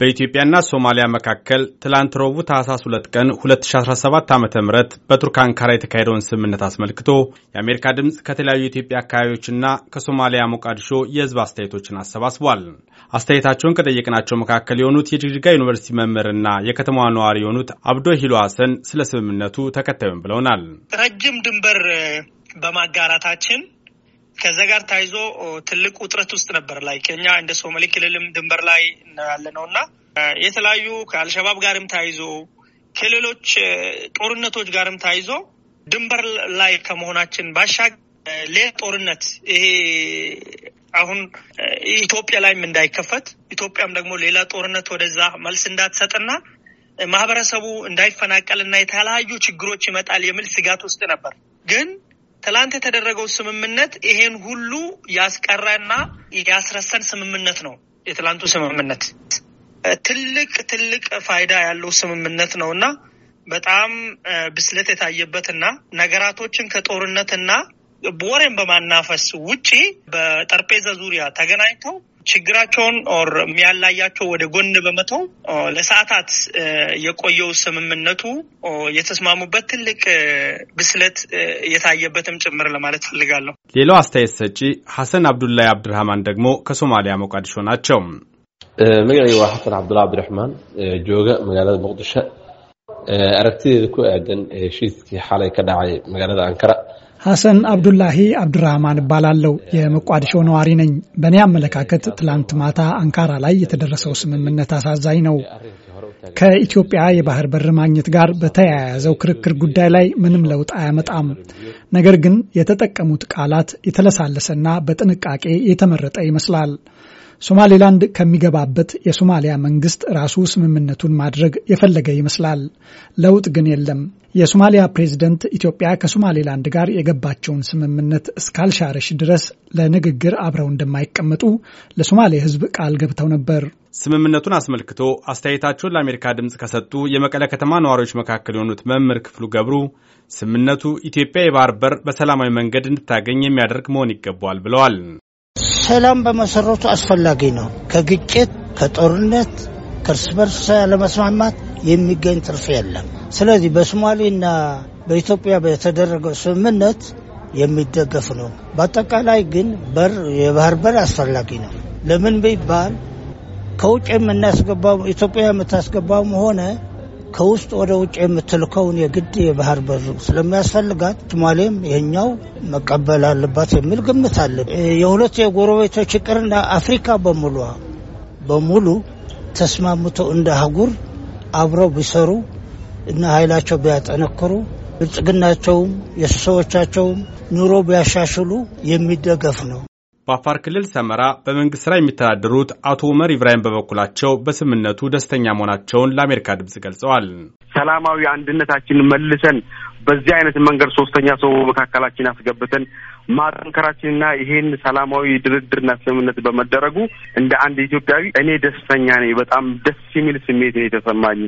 በኢትዮጵያና ሶማሊያ መካከል ትላንት ረቡዕ ታህሳስ 2 ቀን 2017 ዓ ም በቱርክ አንካራ የተካሄደውን ስምምነት አስመልክቶ የአሜሪካ ድምፅ ከተለያዩ የኢትዮጵያ አካባቢዎችና ከሶማሊያ ሞቃዲሾ የህዝብ አስተያየቶችን አሰባስቧል። አስተያየታቸውን ከጠየቅናቸው መካከል የሆኑት የጅግጅጋ ዩኒቨርሲቲ መምህርና የከተማዋ ነዋሪ የሆኑት አብዶ ሂሎ ሀሰን ስለ ስምምነቱ ተከታዩን ብለውናል። ረጅም ድንበር በማጋራታችን ከዛ ጋር ታይዞ ትልቅ ውጥረት ውስጥ ነበር ላይ እኛ እንደ ሶማሌ ክልልም ድንበር ላይ ያለ ነው እና የተለያዩ ከአልሸባብ ጋርም ታይዞ ከሌሎች ጦርነቶች ጋርም ታይዞ ድንበር ላይ ከመሆናችን ባሻ ሌላ ጦርነት ይሄ አሁን ኢትዮጵያ ላይም እንዳይከፈት ኢትዮጵያም ደግሞ ሌላ ጦርነት ወደዛ መልስ እንዳትሰጥና ማህበረሰቡ እንዳይፈናቀልና የተለያዩ ችግሮች ይመጣል የሚል ስጋት ውስጥ ነበር ግን ትላንት የተደረገው ስምምነት ይሄን ሁሉ ያስቀረና ያስረሰን ስምምነት ነው። የትላንቱ ስምምነት ትልቅ ትልቅ ፋይዳ ያለው ስምምነት ነው እና በጣም ብስለት የታየበትና ነገራቶችን ከጦርነትና ወሬን በማናፈስ ውጪ በጠረጴዛ ዙሪያ ተገናኝተው ችግራቸውን ኦር የሚያላያቸው ወደ ጎን በመተው ለሰዓታት የቆየው ስምምነቱ የተስማሙበት ትልቅ ብስለት የታየበትም ጭምር ለማለት ፈልጋለሁ። ሌላው አስተያየት ሰጪ ሐሰን አብዱላይ አብድርሃማን ደግሞ ከሶማሊያ ሞቃዲሾ ናቸው። መገናኝ ዋ ሐሰን አብዱላ አብድርሕማን ጆገ መጋላት ሞቅዲሾ አረቲ ኩ ኤደን ሺስኪ ሓላይ ከዳዓይ መጋላት አንከራ ሐሰን አብዱላሂ አብዱራህማን እባላለሁ። የመቋዲሾ ነዋሪ ነኝ። በእኔ አመለካከት ትላንት ማታ አንካራ ላይ የተደረሰው ስምምነት አሳዛኝ ነው። ከኢትዮጵያ የባህር በር ማግኘት ጋር በተያያዘው ክርክር ጉዳይ ላይ ምንም ለውጥ አያመጣም። ነገር ግን የተጠቀሙት ቃላት የተለሳለሰና በጥንቃቄ የተመረጠ ይመስላል። ሶማሌላንድ ከሚገባበት የሶማሊያ መንግስት ራሱ ስምምነቱን ማድረግ የፈለገ ይመስላል። ለውጥ ግን የለም። የሶማሊያ ፕሬዝደንት ኢትዮጵያ ከሶማሌላንድ ጋር የገባቸውን ስምምነት እስካልሻረሽ ድረስ ለንግግር አብረው እንደማይቀመጡ ለሶማሌ ሕዝብ ቃል ገብተው ነበር። ስምምነቱን አስመልክቶ አስተያየታቸውን ለአሜሪካ ድምፅ ከሰጡ የመቀለ ከተማ ነዋሪዎች መካከል የሆኑት መምህር ክፍሉ ገብሩ ስምምነቱ ኢትዮጵያ የባህር በር በሰላማዊ መንገድ እንድታገኝ የሚያደርግ መሆን ይገባዋል ብለዋል። ሰላም በመሰረቱ አስፈላጊ ነው። ከግጭት፣ ከጦርነት፣ ከእርስ በርስ ለመስማማት የሚገኝ ትርፍ የለም። ስለዚህ በሶማሌና በኢትዮጵያ በተደረገው ስምምነት የሚደገፍ ነው። በአጠቃላይ ግን በር የባህር በር አስፈላጊ ነው። ለምን ቢባል ከውጭ የምናስገባው ኢትዮጵያ የምታስገባውም ሆነ ከውስጥ ወደ ውጭ የምትልከውን የግድ የባህር በሩ ስለሚያስፈልጋት ሶማሌም ይህኛው መቀበል አለባት የሚል ግምት አለ። የሁለት የጎረቤቶች ይቅርና አፍሪካ በሙሉ በሙሉ ተስማምቶ እንደ አህጉር አብረው ቢሰሩ እና ኃይላቸው ቢያጠነክሩ ብልጽግናቸውም የሰዎቻቸውም ኑሮ ቢያሻሽሉ የሚደገፍ ነው። በአፋር ክልል ሰመራ በመንግስት ስራ የሚተዳደሩት አቶ ኡመር ኢብራሂም በበኩላቸው በስምምነቱ ደስተኛ መሆናቸውን ለአሜሪካ ድምፅ ገልጸዋል። ሰላማዊ አንድነታችንን መልሰን በዚህ አይነት መንገድ ሶስተኛ ሰው መካከላችን አስገብተን ማጠንከራችንና ይሄን ሰላማዊ ድርድርና ስምምነት በመደረጉ እንደ አንድ ኢትዮጵያዊ እኔ ደስተኛ ነኝ። በጣም ደስ የሚል ስሜት ነው የተሰማኝ።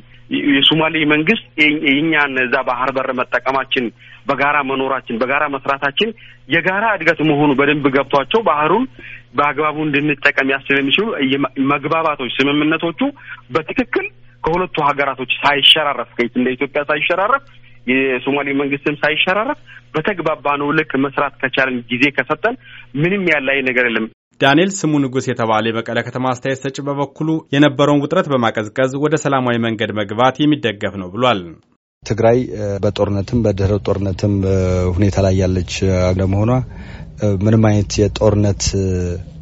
የሶማሌ መንግስት የእኛን እዛ ባህር በር መጠቀማችን፣ በጋራ መኖራችን፣ በጋራ መስራታችን የጋራ እድገት መሆኑ በደንብ ገብቷቸው ባህሩን በአግባቡ እንድንጠቀም ያስችል የሚችሉ መግባባቶች፣ ስምምነቶቹ በትክክል ከሁለቱ ሀገራቶች ሳይሸራረፍ እንደ ኢትዮጵያ ሳይሸራረፍ የሶማሌ መንግስትም ሳይሸራረፍ ነው ልክ መስራት ከቻለን ጊዜ ከሰጠን ምንም ያላይ ነገር የለም። ዳንኤል ስሙ ንጉስ የተባለ የመቀለ ከተማ አስተያየት ሰጭ በበኩሉ የነበረውን ውጥረት በማቀዝቀዝ ወደ ሰላማዊ መንገድ መግባት የሚደገፍ ነው ብሏል። ትግራይ በጦርነትም በድህረ ጦርነትም ሁኔታ ላይ ያለች ለመሆኗ ምንም አይነት የጦርነት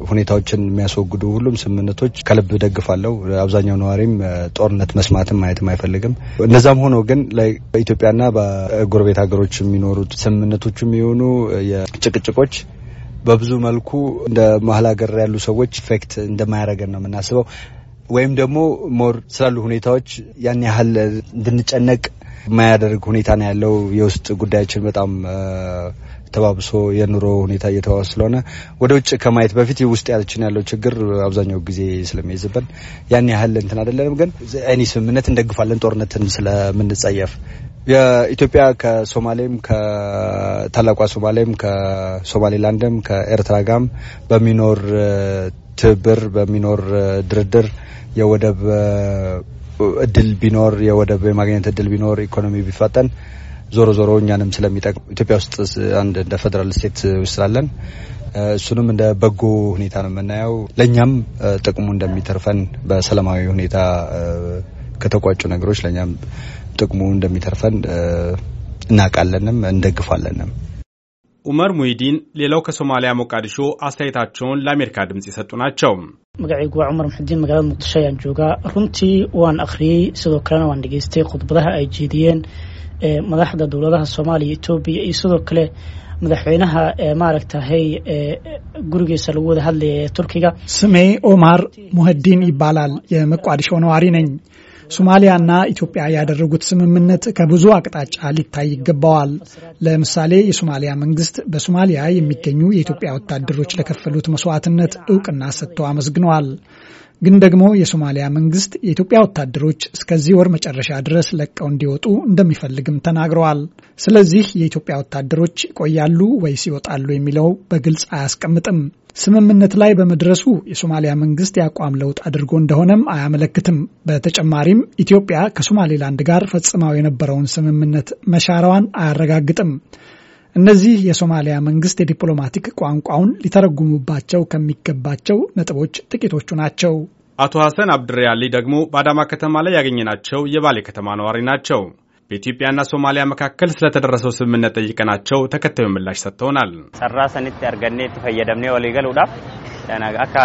ሁኔታዎችን የሚያስወግዱ ሁሉም ስምምነቶች ከልብ ደግፋለሁ። አብዛኛው ነዋሪም ጦርነት መስማትም ማየትም አይፈልግም። እነዛም ሆኖ ግን በኢትዮጵያና በጎረቤት ሀገሮች የሚኖሩት ስምምነቶች የሚሆኑ የጭቅጭቆች በብዙ መልኩ እንደ መሀል ሀገር ያሉ ሰዎች ኢፌክት እንደማያደርገን ነው የምናስበው ወይም ደግሞ ሞር ስላሉ ሁኔታዎች ያን ያህል እንድንጨነቅ የማያደርግ ሁኔታ ነው ያለው። የውስጥ ጉዳያችን በጣም ተባብሶ የኑሮ ሁኔታ እየተባባሰ ስለሆነ ወደ ውጭ ከማየት በፊት ውስጥ ያለችን ያለው ችግር አብዛኛው ጊዜ ስለሚይዝብን ያን ያህል እንትን አይደለንም። ግን አይኒ ስምምነት እንደግፋለን ጦርነትን ስለምንጸየፍ የኢትዮጵያ ከሶማሌም ከታላቋ ሶማሌም ከሶማሌላንድም ከኤርትራ ጋም በሚኖር ትብብር በሚኖር ድርድር የወደብ እድል ቢኖር የወደብ የማግኘት እድል ቢኖር ኢኮኖሚ ቢፋጠን ዞሮ ዞሮ እኛንም ስለሚጠቅም ኢትዮጵያ ውስጥ አንድ እንደ ፌደራል ስቴት ውስጥ ስላለን እሱንም እንደ በጎ ሁኔታ ነው የምናየው። ለእኛም ጥቅሙ እንደሚተርፈን በሰላማዊ ሁኔታ ከተቋጩ ነገሮች ለእኛም ጥቅሙ እንደሚተርፈን እናውቃለንም እንደግፋለንም። ኡመር ሙሂዲን ሌላው ከሶማሊያ ሞቃዲሾ አስተያየታቸውን ለአሜሪካ ድምፅ የሰጡ ናቸው። magacaygu waa cumar maxudiin magaalada muqdisho ayaan joogaa runtii waan akhriyey sidoo kalena waan dhageystay khudbadaha ay jeediyeen madaxda dowladaha soomaaliya etoobiya iyo sidoo kale madaxweynaha maaragtahay gurigiisa lagu wada hadlayay ee turkiga samey omar muhadiin ibalaal yema ku adhishoonawaarinayn ሶማሊያና ኢትዮጵያ ያደረጉት ስምምነት ከብዙ አቅጣጫ ሊታይ ይገባዋል። ለምሳሌ የሶማሊያ መንግስት በሶማሊያ የሚገኙ የኢትዮጵያ ወታደሮች ለከፈሉት መስዋዕትነት እውቅና ሰጥተው አመስግነዋል። ግን ደግሞ የሶማሊያ መንግስት የኢትዮጵያ ወታደሮች እስከዚህ ወር መጨረሻ ድረስ ለቀው እንዲወጡ እንደሚፈልግም ተናግረዋል። ስለዚህ የኢትዮጵያ ወታደሮች ይቆያሉ ወይስ ይወጣሉ የሚለው በግልጽ አያስቀምጥም። ስምምነት ላይ በመድረሱ የሶማሊያ መንግስት የአቋም ለውጥ አድርጎ እንደሆነም አያመለክትም። በተጨማሪም ኢትዮጵያ ከሶማሌላንድ ጋር ፈጽማው የነበረውን ስምምነት መሻራዋን አያረጋግጥም። እነዚህ የሶማሊያ መንግስት የዲፕሎማቲክ ቋንቋውን ሊተረጉሙባቸው ከሚገባቸው ነጥቦች ጥቂቶቹ ናቸው። አቶ ሐሰን አብድሪያሊ ደግሞ በአዳማ ከተማ ላይ ያገኘናቸው የባሌ ከተማ ነዋሪ ናቸው። በኢትዮጵያና ሶማሊያ መካከል ስለተደረሰው ስምምነት ጠይቀናቸው ተከታዩ ምላሽ ሰጥተውናል። ሰራ ሰኒት ያርገኔ ወሊገል ወሊገሉዳፍ አካ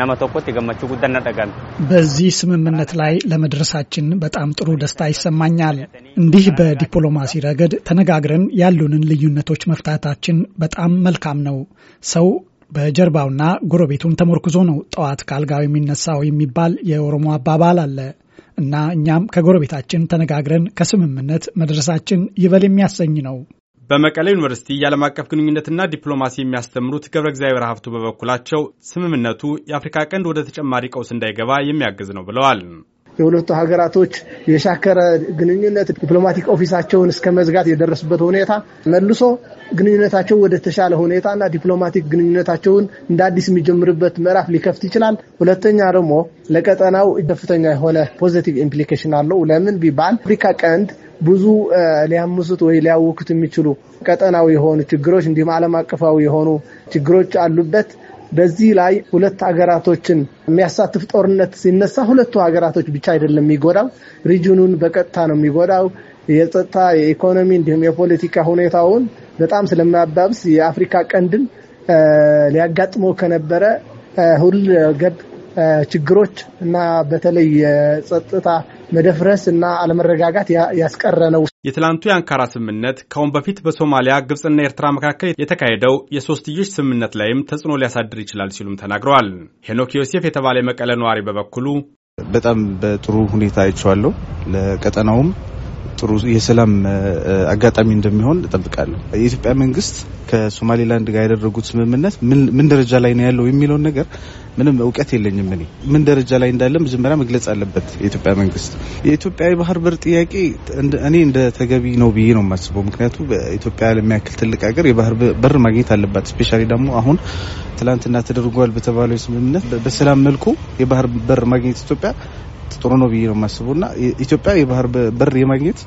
ነመቶኮት የገመቹ ጉዳይ እናጠቀም በዚህ ስምምነት ላይ ለመድረሳችን በጣም ጥሩ ደስታ ይሰማኛል። እንዲህ በዲፕሎማሲ ረገድ ተነጋግረን ያሉንን ልዩነቶች መፍታታችን በጣም መልካም ነው። ሰው በጀርባውና ጎረቤቱን ተሞርክዞ ነው ጠዋት ካልጋው የሚነሳው የሚባል የኦሮሞ አባባል አለ። እና እኛም ከጎረቤታችን ተነጋግረን ከስምምነት መድረሳችን ይበል የሚያሰኝ ነው። በመቀሌ ዩኒቨርሲቲ የዓለም አቀፍ ግንኙነትና ዲፕሎማሲ የሚያስተምሩት ገብረ እግዚአብሔር ሀብቱ በበኩላቸው ስምምነቱ የአፍሪካ ቀንድ ወደ ተጨማሪ ቀውስ እንዳይገባ የሚያግዝ ነው ብለዋል። የሁለቱ ሀገራቶች የሻከረ ግንኙነት ዲፕሎማቲክ ኦፊሳቸውን እስከ መዝጋት የደረሱበት ሁኔታ መልሶ ግንኙነታቸው ወደ ተሻለ ሁኔታና ዲፕሎማቲክ ግንኙነታቸውን እንደ አዲስ የሚጀምርበት ምዕራፍ ሊከፍት ይችላል። ሁለተኛ ደግሞ ለቀጠናው ከፍተኛ የሆነ ፖዚቲቭ ኢምፕሊኬሽን አለው። ለምን ቢባል አፍሪካ ቀንድ ብዙ ሊያምሱት ወይ ሊያውኩት የሚችሉ ቀጠናዊ የሆኑ ችግሮች እንዲሁም ዓለም አቀፋዊ የሆኑ ችግሮች አሉበት። በዚህ ላይ ሁለት ሀገራቶችን የሚያሳትፍ ጦርነት ሲነሳ ሁለቱ ሀገራቶች ብቻ አይደለም የሚጎዳው፣ ሪጅኑን በቀጥታ ነው የሚጎዳው። የጸጥታ የኢኮኖሚ፣ እንዲሁም የፖለቲካ ሁኔታውን በጣም ስለማያባብስ የአፍሪካ ቀንድን ሊያጋጥመው ከነበረ ሁል ገብ ችግሮች እና በተለይ የጸጥታ መደፍረስ እና አለመረጋጋት ያስቀረ ነው። የትላንቱ የአንካራ ስምምነት ከአሁን በፊት በሶማሊያ ግብፅና ኤርትራ መካከል የተካሄደው የሶስትዮሽ ስምምነት ላይም ተጽዕኖ ሊያሳድር ይችላል ሲሉም ተናግረዋል። ሄኖክ ዮሴፍ የተባለ የመቀለ ነዋሪ በበኩሉ በጣም በጥሩ ሁኔታ አይቼዋለሁ። ለቀጠናውም ጥሩ የሰላም አጋጣሚ እንደሚሆን እጠብቃለሁ። የኢትዮጵያ መንግስት ከሶማሌላንድ ጋር ያደረጉት ስምምነት ምን ደረጃ ላይ ነው ያለው የሚለውን ነገር ምንም እውቀት የለኝም። እኔ ምን ደረጃ ላይ እንዳለ መጀመሪያ መግለጽ አለበት የኢትዮጵያ መንግስት። የኢትዮጵያ የባህር በር ጥያቄ እኔ እንደ ተገቢ ነው ብዬ ነው የማስበው። ምክንያቱም በኢትዮጵያ ለሚያክል ትልቅ ሀገር የባህር በር ማግኘት አለባት። ስፔሻሊ ደግሞ አሁን ትላንትና ተደርጓል በተባለው ስምምነት በሰላም መልኩ የባህር በር ማግኘት ኢትዮጵያ ጥሩ ነው ብዬ ነው የማስበው ኢትዮጵያ የባህር በር የማግኘት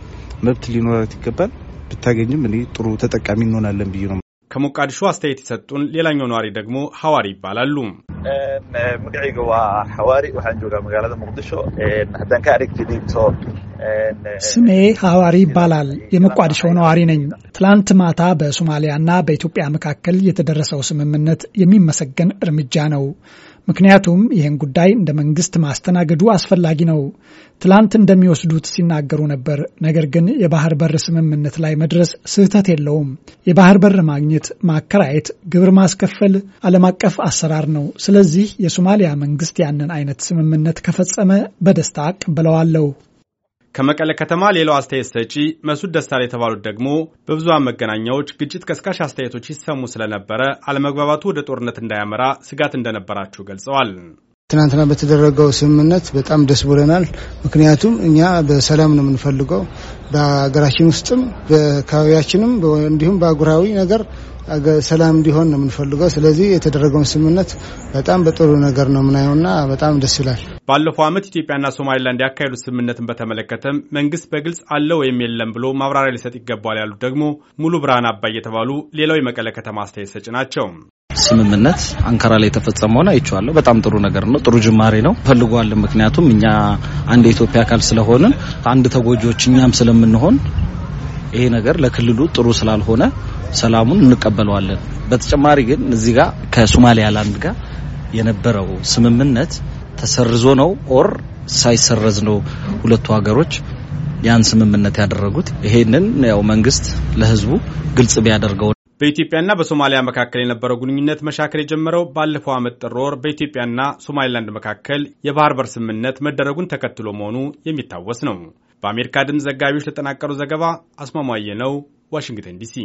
መብት ሊኖራት ይገባል። ብታገኝም እኔ ጥሩ ተጠቃሚ እንሆናለን ብዬ ነው። ከሞቃዲሾ አስተያየት የሰጡን ሌላኛው ነዋሪ ደግሞ ሐዋሪ ይባላሉ። ሐዋሪ ስሜ ሐዋሪ ይባላል። የሞቃዲሾ ነዋሪ ነኝ። ትላንት ማታ በሶማሊያና በኢትዮጵያ መካከል የተደረሰው ስምምነት የሚመሰገን እርምጃ ነው። ምክንያቱም ይህን ጉዳይ እንደ መንግስት ማስተናገዱ አስፈላጊ ነው። ትላንት እንደሚወስዱት ሲናገሩ ነበር። ነገር ግን የባህር በር ስምምነት ላይ መድረስ ስህተት የለውም። የባህር በር ማግኘት፣ ማከራየት፣ ግብር ማስከፈል ዓለም አቀፍ አሰራር ነው። ስለዚህ የሶማሊያ መንግስት ያንን አይነት ስምምነት ከፈጸመ በደስታ እቀበለዋለሁ። ከመቀለ ከተማ ሌላው አስተያየት ሰጪ መሱድ ደሳል የተባሉት ደግሞ በብዙሃን መገናኛዎች ግጭት ቀስቃሽ አስተያየቶች ይሰሙ ስለነበረ አለመግባባቱ ወደ ጦርነት እንዳያመራ ስጋት እንደነበራችሁ ገልጸዋል። ትናንትና በተደረገው ስምምነት በጣም ደስ ብለናል። ምክንያቱም እኛ በሰላም ነው የምንፈልገው። በሀገራችን ውስጥም በአካባቢያችንም እንዲሁም በአጉራዊ ነገር ሰላም እንዲሆን ነው የምንፈልገው። ስለዚህ የተደረገውን ስምምነት በጣም በጥሩ ነገር ነው የምናየውና በጣም ደስ ይላል። ባለፈው ዓመት ኢትዮጵያና ሶማሌላንድ ያካሄዱት ስምምነትን በተመለከተም መንግስት በግልጽ አለ ወይም የለም ብሎ ማብራሪያ ሊሰጥ ይገባል ያሉት ደግሞ ሙሉ ብርሃን አባይ የተባሉ ሌላው የመቀለ ከተማ አስተያየት ሰጭ ናቸው። ስምምነት አንካራ ላይ የተፈጸመውን አይቼዋለሁ። በጣም ጥሩ ነገር ነው። ጥሩ ጅማሬ ነው። ፈልጓል። ምክንያቱም እኛ አንድ የኢትዮጵያ አካል ስለሆንን አንድ ተጎጂዎች እኛም ስለምንሆን ይሄ ነገር ለክልሉ ጥሩ ስላልሆነ ሰላሙን እንቀበለዋለን። በተጨማሪ ግን እዚህ ጋር ከሶማሊያ ላንድ ጋር የነበረው ስምምነት ተሰርዞ ነው ኦር ሳይሰረዝ ነው ሁለቱ ሀገሮች ያን ስምምነት ያደረጉት። ይሄንን ያው መንግስት ለህዝቡ ግልጽ ቢያደርገው በኢትዮጵያና በሶማሊያ መካከል የነበረው ግንኙነት መሻከር የጀመረው ባለፈው ዓመት ጥር ወር በኢትዮጵያና ሶማሊላንድ መካከል የባህር በር ስምምነት መደረጉን ተከትሎ መሆኑ የሚታወስ ነው። በአሜሪካ ድምፅ ዘጋቢዎች ለጠናቀሩ ዘገባ አስማማየ ነው፣ ዋሽንግተን ዲሲ